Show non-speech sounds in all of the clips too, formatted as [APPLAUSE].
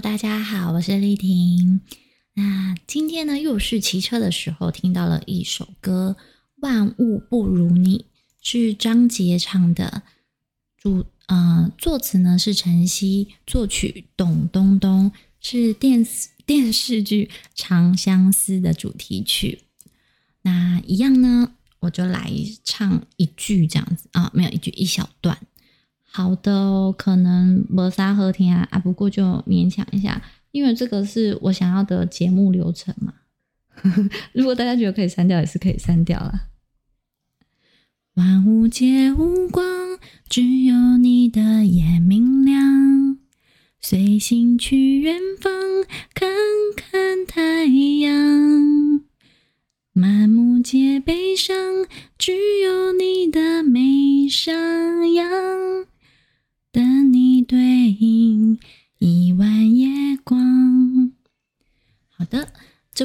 大家好，我是麗婷。那今天呢，又是騎車的時候聽到了一首歌，《萬物不如你》，是張杰唱的主。主呃，作詞呢是陳曦，作曲董冬冬，是電視電視劇《長相思》的主題曲。那一樣呢，我就來唱一句這樣子啊，沒有一句一小段。好的哦，可能抹殺和田啊，啊！不過就勉強一下，因為這個是我想要的節目流程嘛。 [LAUGHS] 如果大家覺得可以刪掉，也是可以刪掉了。萬物皆無光，只有你的眼明亮。隨心去遠方，看看太陽。滿目皆悲傷，只有你的眉上揚。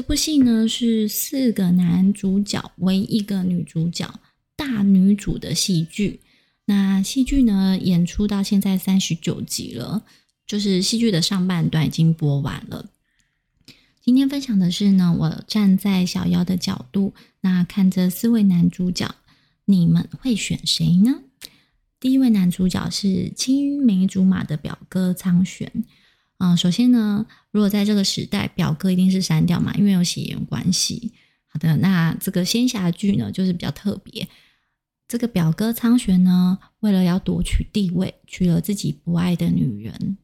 這部戲呢，是四個男主角，唯一一個女主角大女主的戲劇。那戲劇呢，演出到現在三十九集了，就是戲劇的上半段已經播完了。今天分享的是呢，我站在小夭的角度，那看着四位男主角，你們會選誰呢？第一位男主角是青梅竹馬的表哥瑲玹。嗯，首先呢，如果在這個時代，表哥一定是刪掉嘛，因為有血緣關係。好的，那這個仙俠劇呢，就是比較特別。這個表哥瑲玹呢，為了要奪取帝位，娶了自己不愛的女人。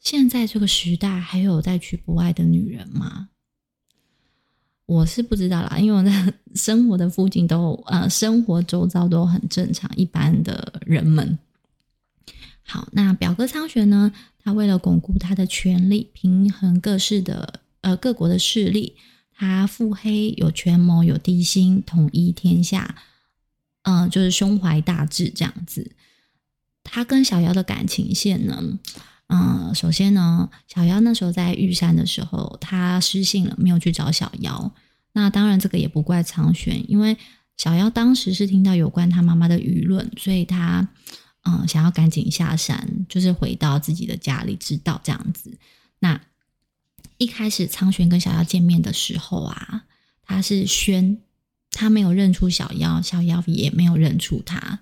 現在這個時代，還有在娶不愛的女人嗎？我是不知道啦，因為我在生活的附近都呃，生活周遭都很正常，一般的人們。好，那表哥瑲玹呢？他為了鞏固他的權力，平衡各勢的呃各國的勢力，他腹黑、有權謀、有帝心，統一天下，嗯、呃，就是胸懷大志這樣子。他跟小夭的感情線呢，嗯、呃，首先呢，小夭那時候在玉山的時候，他失信了，沒有去找小夭。那當然這個也不怪瑲玹，因為小夭當時是聽到有關他媽媽的輿論，所以他。嗯，想要趕緊下山，就是回到自己的家裡，知道這樣子。那一開始瑲玹跟小夭見面的時候啊，他是軒，他沒有認出小夭，小夭也沒有認出他。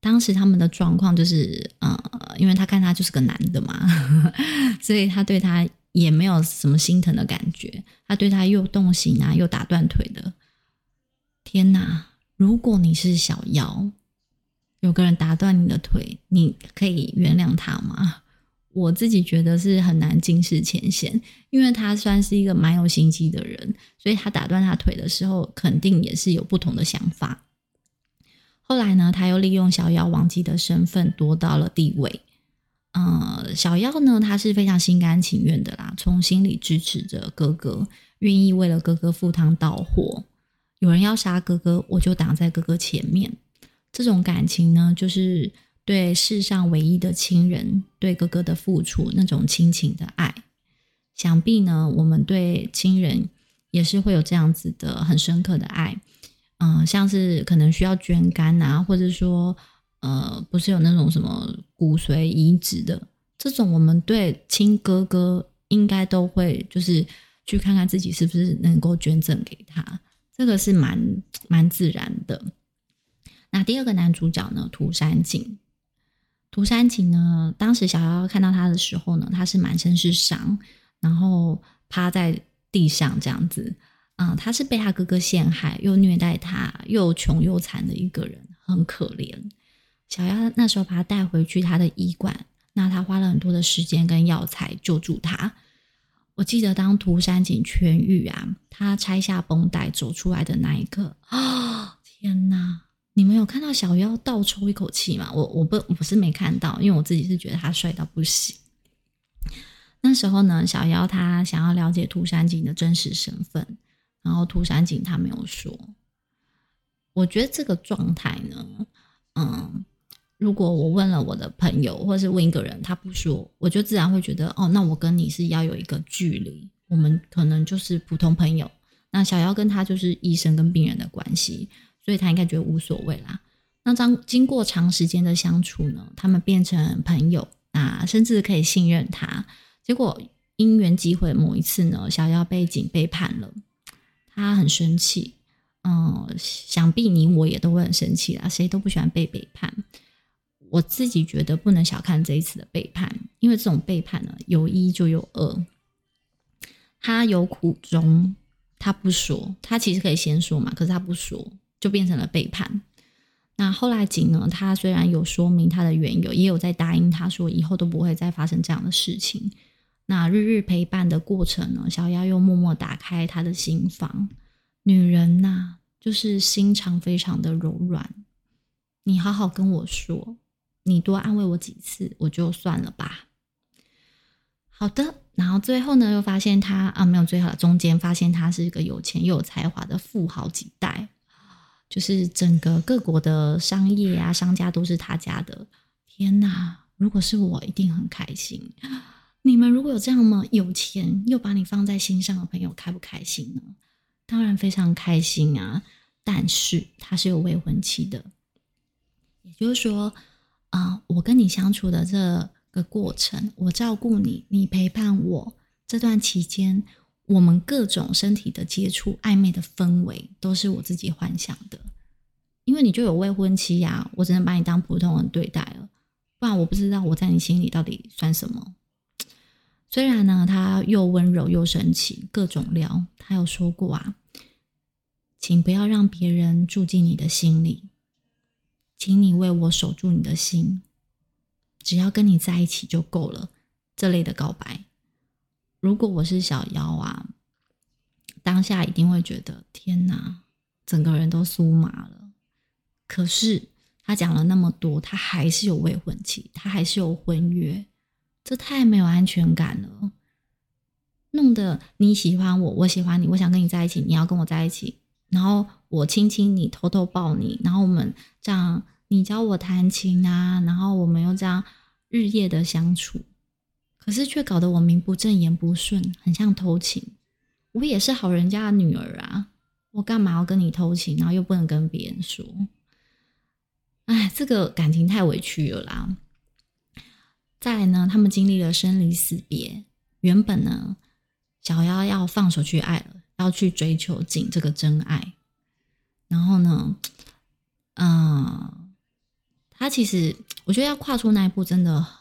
當時他們的狀況就是，呃、嗯，因為他看他就是個男的嘛，呵呵，所以他對他也沒有什麼心疼的感覺，他對他又動刑啊，又打斷腿的。天哪、啊！如果你是小夭。有個人打斷你的腿，你可以原諒他嗎？我自己覺得是很難盡釋前嫌，因為他算是一個蠻有心機的人，所以他打斷他腿的時候，肯定也是有不同的想法。後來呢，他又利用小夭王姬的身份，奪到了帝位。呃，小夭呢，他是非常心甘情願的啦，從心裡支持着哥哥，願意為了哥哥赴湯蹈火。有人要殺哥哥，我就擋在哥哥前面。這種感情呢，就是對世上唯一的親人，對哥哥的付出，那種親情的愛。想必呢，我們對親人也是會有這樣子的很深刻的愛。嗯、呃，像是可能需要捐肝啊，或者說呃，不是有那種什麼骨髓移植的這種，我們對親哥哥應該都會就是去看看自己是不是能夠捐贈給他。這個是蠻蠻自然的。那第二個男主角呢？塗山璟，塗山璟呢？當時小夭看到他的時候呢，他是滿身是傷，然後趴在地上這樣子。嗯，他是被他哥哥陷害，又虐待他，又窮又慘的一個人，很可憐。小夭那時候把他帶回去他的醫館，那他花了很多的時間跟藥材救助他。我記得當塗山璟痊癒啊，他拆下繃帶走出來的那一刻啊。那小夭倒抽一口氣嘛，我我不我是沒看到，因為我自己是覺得他帥到不行。那時候呢，小夭他想要了解塗山璟的真實身份，然後塗山璟他沒有說。我覺得這個狀態呢，嗯，如果我問了我的朋友，或者是問一個人，他不說，我就自然會覺得哦，那我跟你是要有一個距離，我們可能就是普通朋友。那小夭跟他就是醫生跟病人的關係，所以他應該覺得無所謂啦。那經過長時間的相處呢，他們變成朋友啊，甚至可以信任他。結果因緣際會，某一次呢，小夭被璟背叛了，他很生氣。嗯、呃，想必你我也都會很生氣啦，誰都不喜歡被背、背叛。我自己覺得不能小看這一次的背叛，因為這種背叛呢，有一就有二。他有苦衷，他不說，他其實可以先說嘛，可是他不說，就變成了背叛。那後來璟呢，他雖然有說明他的原由，也有在答應他說以後都不會再發生這樣的事情。那日日陪伴的過程呢，小夭又默默打開他的心房。女人吶、啊，就是心腸非常的柔軟。你好好跟我說，你多安慰我幾次，我就算了吧。好的，然後最後呢，又發現他啊，沒有最後，中間發現他是一個有錢又有才華的富好幾代。就是整個各國的商業啊，商家都是他家的。天哪，如果是我，一定很開心。你們如果有這樣嗎？有錢又把你放在心上的朋友，開不開心呢？當然非常開心啊。但是他是有未婚妻的，也就是說啊、呃，我跟你相處的這個過程，我照顧你，你陪伴我，這段期間。我們各種身體的接觸、曖昧的氛圍都是我自己幻想的，因為你就有未婚妻呀、啊，我只能把你當普通人對待了，不然我不知道我在你心裡到底算什麼。雖然呢，他又溫柔又深情，各種撩。他有說過啊，請不要讓別人住進你的心裡，請你為我守住你的心，只要跟你在一起就夠了。這類的告白。如果我是小夭啊，當下一定會覺得天吶，整個人都酥麻了。可是他講了那麼多，他還是有未婚妻，他還是有婚約，這太沒有安全感了。弄得你喜歡我，我喜歡你，我想跟你在一起，你要跟我在一起，然後我親親你，偷偷抱你，然後我們這樣，你教我彈琴啊，然後我們又這樣日夜的相處。可是卻搞得我名不正言不順，很像偷情。我也是好人家的女兒啊，我幹嘛要跟你偷情？然後又不能跟別人說，哎，這個感情太委屈了啦。再來呢，他們經歷了生離死別，原本呢，小夭要放手去愛了，要去追求璟這個真愛。然後呢，嗯、呃，他其實我覺得要跨出那一步真的。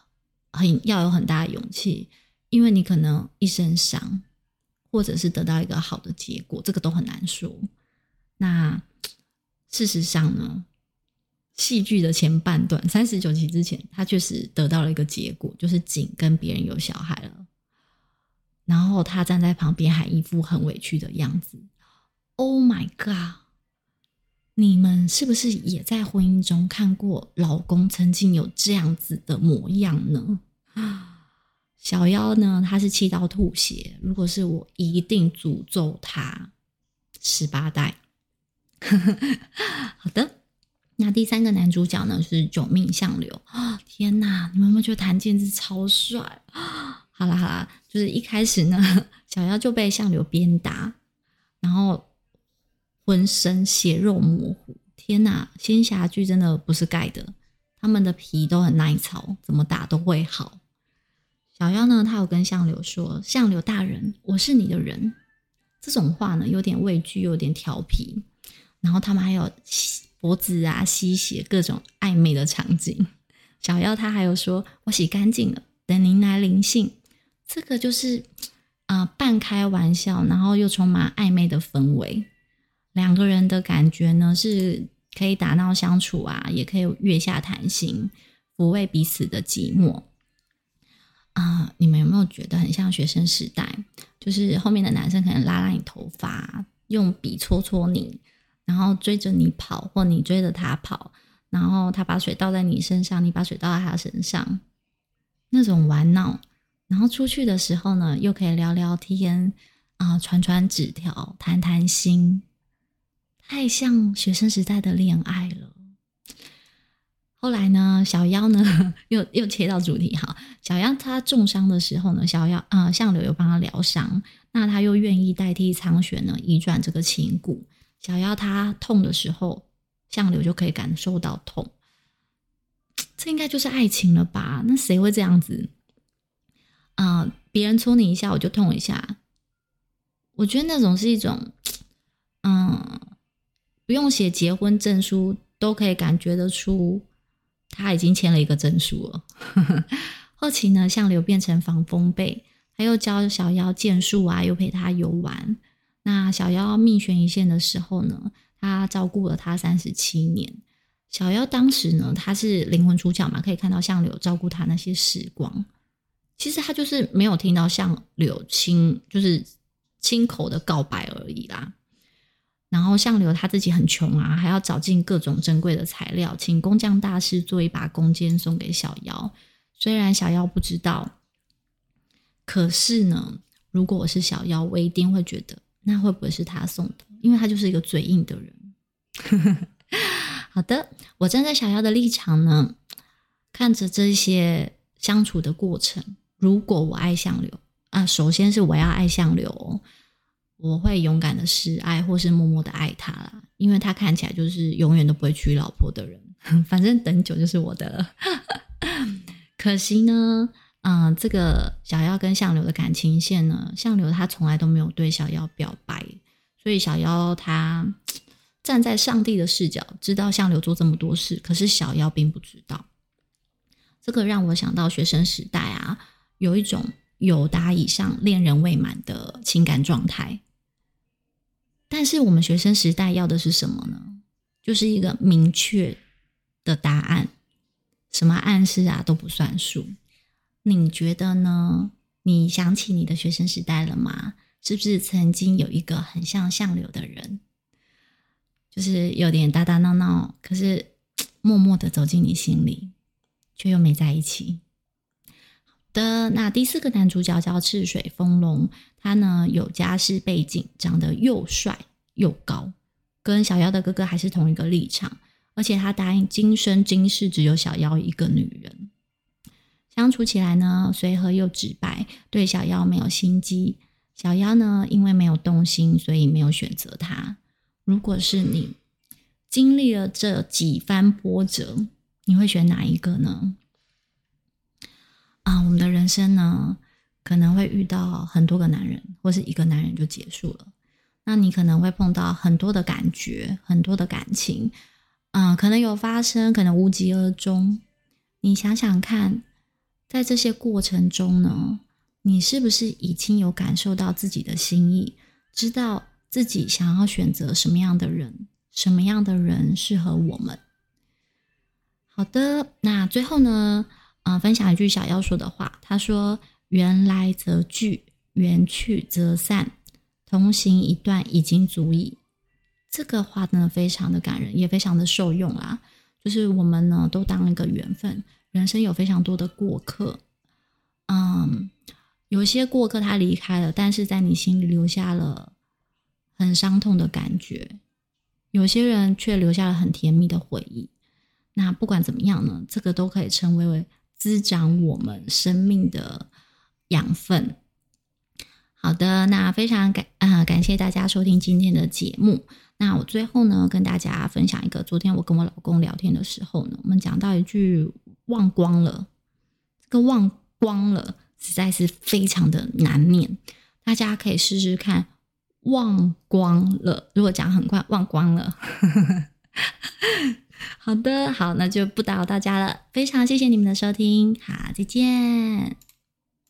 很要有很大的勇氣，因為你可能一身傷，或者是得到一個好的結果，這個都很難說。那事實上呢，戲劇的前半段三十九集之前，他確實得到了一個結果，就是璟跟別人有小孩了，然後他站在旁邊還一副很委屈的樣子。Oh my god！你們是不是也在婚姻中看過老公曾經有這樣子的模樣呢？啊，小夭呢，她是氣到吐血。如果是我，一定詛咒他十八代。 [LAUGHS] 好的，那第三個男主角呢是九命相柳啊！天哪，你們有沒有覺得檀健次超帥。好啦好啦，就是一開始呢，小夭就被相柳鞭打，然後。渾身血肉模糊，天哪！仙俠劇真的不是蓋的，他們的皮都很耐操，怎麼打都會好。小夭呢，她有跟相柳說：“相柳大人，我是你的人。”這種話呢，有點畏懼，有點調皮。然後他們還有吸脖子啊、吸血各種曖昧的場景。小夭她還有說：“我洗乾淨了，等您來臨幸。”這個就是啊、呃，半開玩笑，然後又充滿曖昧的氛圍。兩個人的感覺呢，是可以打鬧相處啊，也可以月下談心，撫慰彼此的寂寞啊、呃。你們有沒有覺得很像學生時代？就是後面的男生可能拉拉你頭髮，用筆戳戳你，然後追着你跑，或你追着他跑，然後他把水倒在你身上，你把水倒在他身上，那種玩鬧。然後出去的時候呢，又可以聊聊天啊、呃，傳傳紙條，談談心。太像學生時代的戀愛了。後來呢，小夭呢又又切到主題哈。小夭他重傷的時候呢，小夭啊，呃，相柳又幫他療傷。那他又願意代替瑲玹呢，移轉這個情蠱。小夭她痛的時候，相柳就可以感受到痛。這應該就是愛情了吧？那誰會這樣子啊？呃，別人戳你一下，我就痛一下。我覺得那種是一種。不用寫結婚證書，都可以感覺得出他已經簽了一個證書了。 [LAUGHS] 後期呢，相柳變成防風邶，他又教小夭箭術啊，又陪他遊玩。那小夭命懸一線的時候呢，他照顧了他三十七年。小夭當時呢，他是靈魂出竅嘛，可以看到相柳照顧他那些時光。其實他就是沒有聽到相柳親，就是親口的告白而已啦。然後相柳他自己很窮啊，還要找盡各種珍貴的材料，請工匠大師做一把弓箭送給小夭。雖然小夭不知道，可是呢，如果我是小夭，我一定會覺得那會不會是他送的？因為他就是一個嘴硬的人。 [LAUGHS] 好的，我站在小夭的立場呢，看着這些相處的過程。如果我愛相柳啊，首先是我要愛相柳哦。我會勇敢的示愛，或是默默的愛他啦，因為他看起來就是永遠都不會娶老婆的人。反正等久就是我的了。可惜呢，嗯、呃，這個小夭跟相柳的感情線呢，相柳他從來都沒有對小夭表白，所以小夭他站在上帝的視角，知道相柳做這麼多事，可是小夭並不知道。這個讓我想到學生時代啊，有一種友達以上戀人未滿的情感狀態。但是我們學生時代要的是什麼呢？就是一個明確的答案，什麼暗示啊都不算數。你覺得呢？你想起你的學生時代了嗎？是不是曾經有一個很像相柳的人，就是有點打打鬧鬧，可是默默的走進你心裡，卻又沒在一起。的那第四個男主角叫赤水豐隆，他呢，有家世背景，長得又帥又高，跟小夭的哥哥還是同一個立場，而且他答應今生今世只有小夭一個女人。相處起來呢，隨和又直白，對小夭沒有心機。小夭呢，因為沒有動心，所以沒有選擇他。如果是你經歷了這幾番波折，你會選哪一個呢？啊、呃，我們的人生呢，可能會遇到很多個男人，或是一個男人就結束了。那你可能會碰到很多的感覺，很多的感情，啊、呃，可能有發生，可能無疾而終。你想想看，在這些過程中呢，你是不是已經有感受到自己的心意，知道自己想要選擇什麼樣的人，什麼樣的人適合我們？好的，那最後呢，嗯、呃，分享一句小夭說的話，他說：“緣來則聚，緣去則散，同行一段已經足矣。”這個話呢，非常的感人，也非常的受用啦。就是我們呢，都當了一個緣分，人生有非常多的過客。嗯，有些過客他離開了，但是在你心裡留下了很傷痛的感覺；有些人卻留下了很甜蜜的回憶。那不管怎麼樣呢，這個都可以成為為。滋長我們生命的養分。好的，那非常感，啊、呃，感謝大家收聽今天的節目。那我最後呢，跟大家分享一個，昨天我跟我老公聊天的時候呢，我們講到一句忘光了，這個忘光了實在是非常的難念，大家可以試試看忘光了。如果講很快忘光了。 [LAUGHS] 好的，好，那就不打擾大家了。非常謝謝你們的收聽。好，再見。